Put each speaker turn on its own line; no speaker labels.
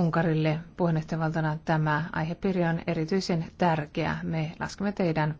Unkarille puheenjohtajavaltana tämä aihepiiri on erityisen tärkeä. Me laskemme teidän